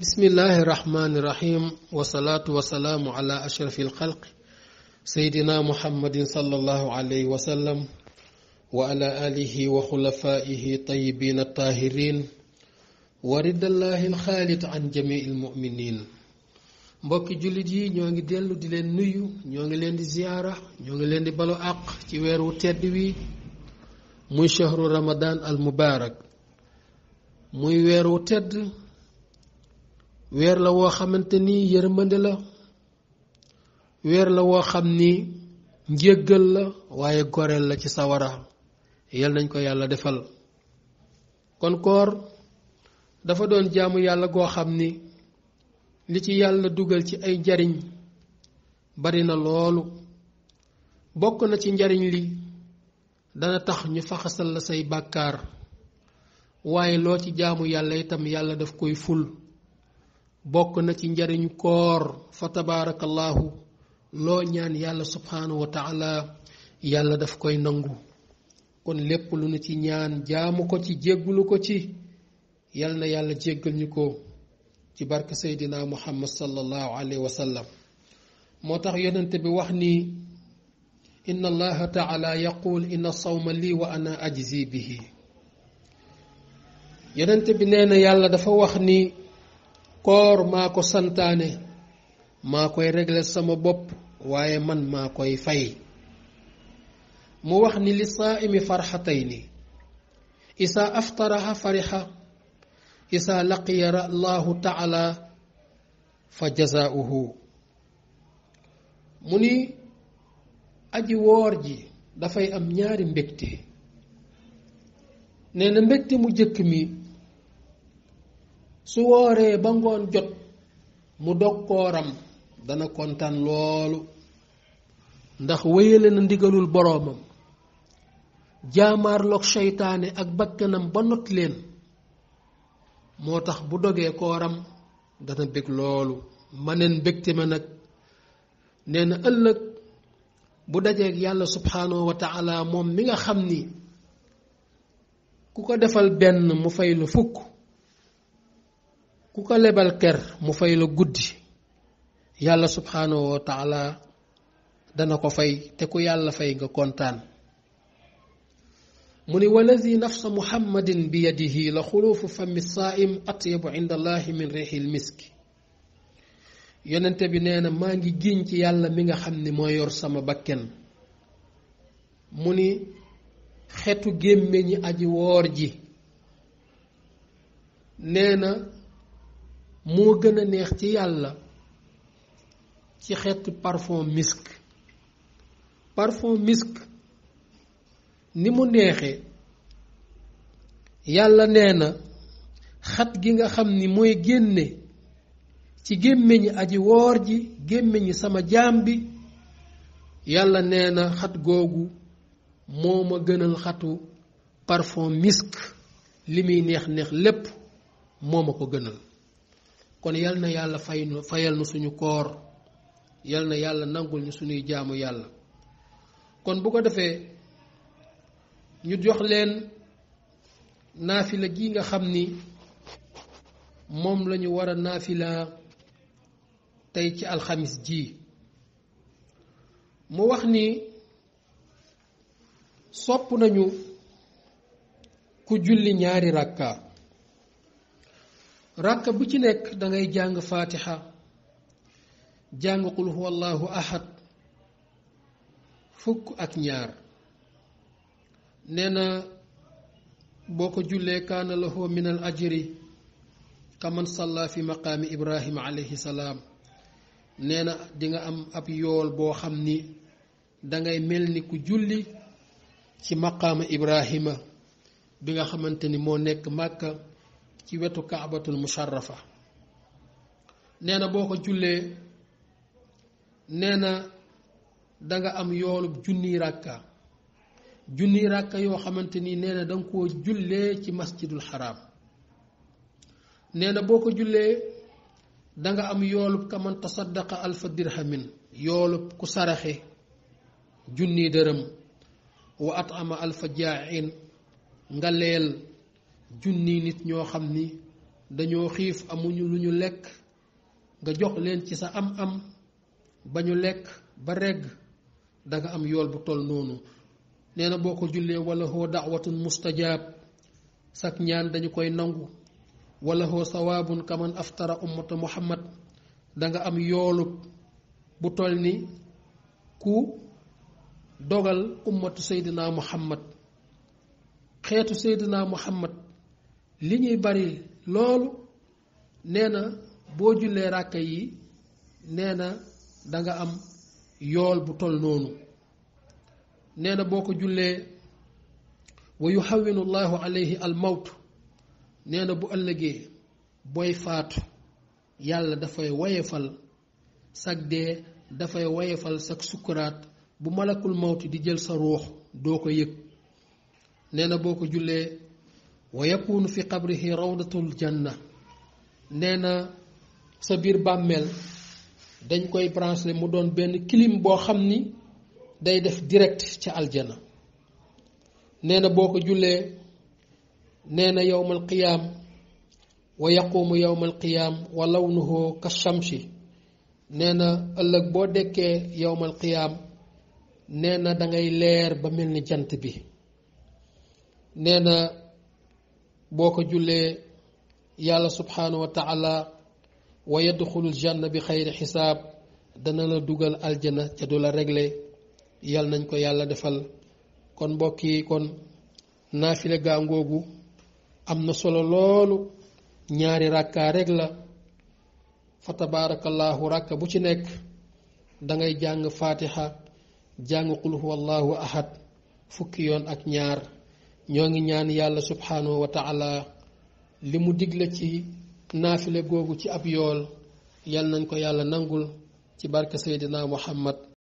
بسم الله الرحمن الرحيم والصلاة والسلام على أشرف الخلق سيدنا محمد صلى الله عليه وسلم وعلى آله وخلفائه طيبين الطاهرين ورد الله الخالد عن جميع المؤمنين mbokk julit yi ñoo ngi dellu di leen nuyu ñoo ngi leen di ziara ñoo ngi leen di balo àq ci weer wu weer la woo xamante ni yërmande la weer la woo xam ni njéggal la waaye goreel la ci sawara yal nañ ko yàlla defal kon koor dafa doon jaamu yàlla goo xam ni li ci yàlla dugal ci ay njariñ bari na loolu bokk na ci njariñ li dana tax ñu faxasal la say bàkkaar waaye loo ci jaamu yàlla itam yàlla daf koy ful bokk na ci njariñu koor fa tabaarakallaahu loo ñaan yàlla subhaanahu wa taala yàlla daf koy nangu kon lépp lu nu ci ñaan jaamu ko ci jéggulu ko ci yal na yàlla jéggal ñu ko ci barke seydina muhammad sallallahu alayhi wa moo tax yonente bi wax ni inna allaha taala yaqul inna sawma lii wa ana ajzi bihi yonente bi nee na yàlla dafa wax ni koor maa ko santaane maa koy régler sama bopp waaye man maa koy fay mu wax ni li saaimi farxatayni isaa aftaraha farixa isaa yara allahu taala fa jazaauhu mu ni aji woor ji dafay am ñaari mbégte nee na mbégte mu jëkk mi su wooree ba ngoon jot mu dog kooram dana kontaan loolu ndax wéyale na ndigalul boroomam jaamaarloog seytaane ak bakkanam ba not leen moo tax bu dogee kooram dana bég loolu maneen bégte ma nag nee na ëllëg bu dajeeg yàlla subhaanahu wa taala moom mi nga xam ni ku ko defal benn mu fay lu fukk ku ko lebal ker mu fay la guddi yàlla subhanahu wa dana ko fay te ku yàlla fay nga kontaan mu ni walladi nafsa muhammadin bi yadihi la xuluufu fami saaim atyabu inda allahi min riixil miski yonente bi nee na maa ngi giñ ci yàlla mi nga xam ni moo yor sama bakken mu ni xetu gémmiñi aji woor ji nee moo gën a neex ci yàlla ci xeetu parfum misk ni mu neexee yàlla nee na xat gi nga xam ni mooy génne ci gémmiñi aji woor ji gémmiñi sama jaam bi yàlla nee na xat googu moo ma gënal xatu parfum misk li muy neex neex lépp moo ma ko gënal kon yal na yàlla fay nu fayal nu suñu koor yal na yàlla nangul ñu suñuy jaamu yàlla kon bu ko defee ñu jox leen naafila gi nga xam ni moom la ñu war a naafila tey ci alxamis ji mu wax ni sopp nañu ku julli ñaari rakka ràkka bu ci nekk dangay jàng faatiha jàng qul huwallahu ahad fukk ak ñaar nee na boo ko jullee kaana lahu min al kaman salla fi maqaami ibrahima alayhi salaam nee na dinga am ab yool boo xam ni dangay mel ni ku julli ci maqaama ibrahima bi nga xamante ni moo nekk màkka ci wetu kaabatul musharrafa nee na boo ko jullee nee na danga am yoolub junniy ràkka junniy ràkka yoo xamante ni neena danga koo jullee ci masjidul xaraam nee na boo ko jullee danga am yoolub kaman tasaddaqa alfa dirhamin yoolub ku saraxe junniy dërëm wa atama alfa jaain nga leel junni nit ñoo xam ni dañoo xiif amuñu lu ñu lekk nga jox leen ci sa am-am ba ñu lekk ba regg danga am yool bu toll noonu nee na boo ko jullee walla hoo daawatun mustajaab sak ñaan dañu koy nangu wala hoo sawaabun kaman aftara ummata muhammad danga am yoolu bu toll ni ku dogal ummatu seydina muhammad xeetu seydina muhammad li ñuy bari loolu nee na boo jullee ràkka yi nee na danga am yool bu tol noonu nee na boo ko jullee wa yuhawwinu llahu alayhi al nee na bu ëllëgee booy faatu yàlla dafay woyefal sag dee dafay woyefal sag sukkuraat bu malakul mawti di jël sa ruux doo ko yëg nee na boo ko jullee wa yakunu fi qabrihi rawdatul janna nee na sa biir bàmmeel dañ koy branché mu doon benn kilim boo xam ni day def direct ca aljana nee na boo ko jullee nee na yowmal qiyaam wa yaquumu yowmal qiyaam wa lawnuhu ka shamsi nee na ëllëg boo dekkee yowmal qiyaam nee na dangay leer ba mel ni jant bi nee boo ko jullee yàlla subhanahu wa taala wa yadxulul janna bi xayri xisaab dana la dugal aljana ca du la régler yal nañ ko yàlla defal kon mbokk yi kon naafile gaangoogu am na solo loolu ñaari ràkkaa la fa tabaarakallaahu ràkka bu ci nekk dangay jàng faatiha jàng qul huwallahu ahad fukki yoon ak ñaar ñoo ngi ñaan yàlla subhanahu wa taala li mu digle ci naafile googu ci ab yool yal nañ ko yàlla nangul ci barke Seydina Muhammad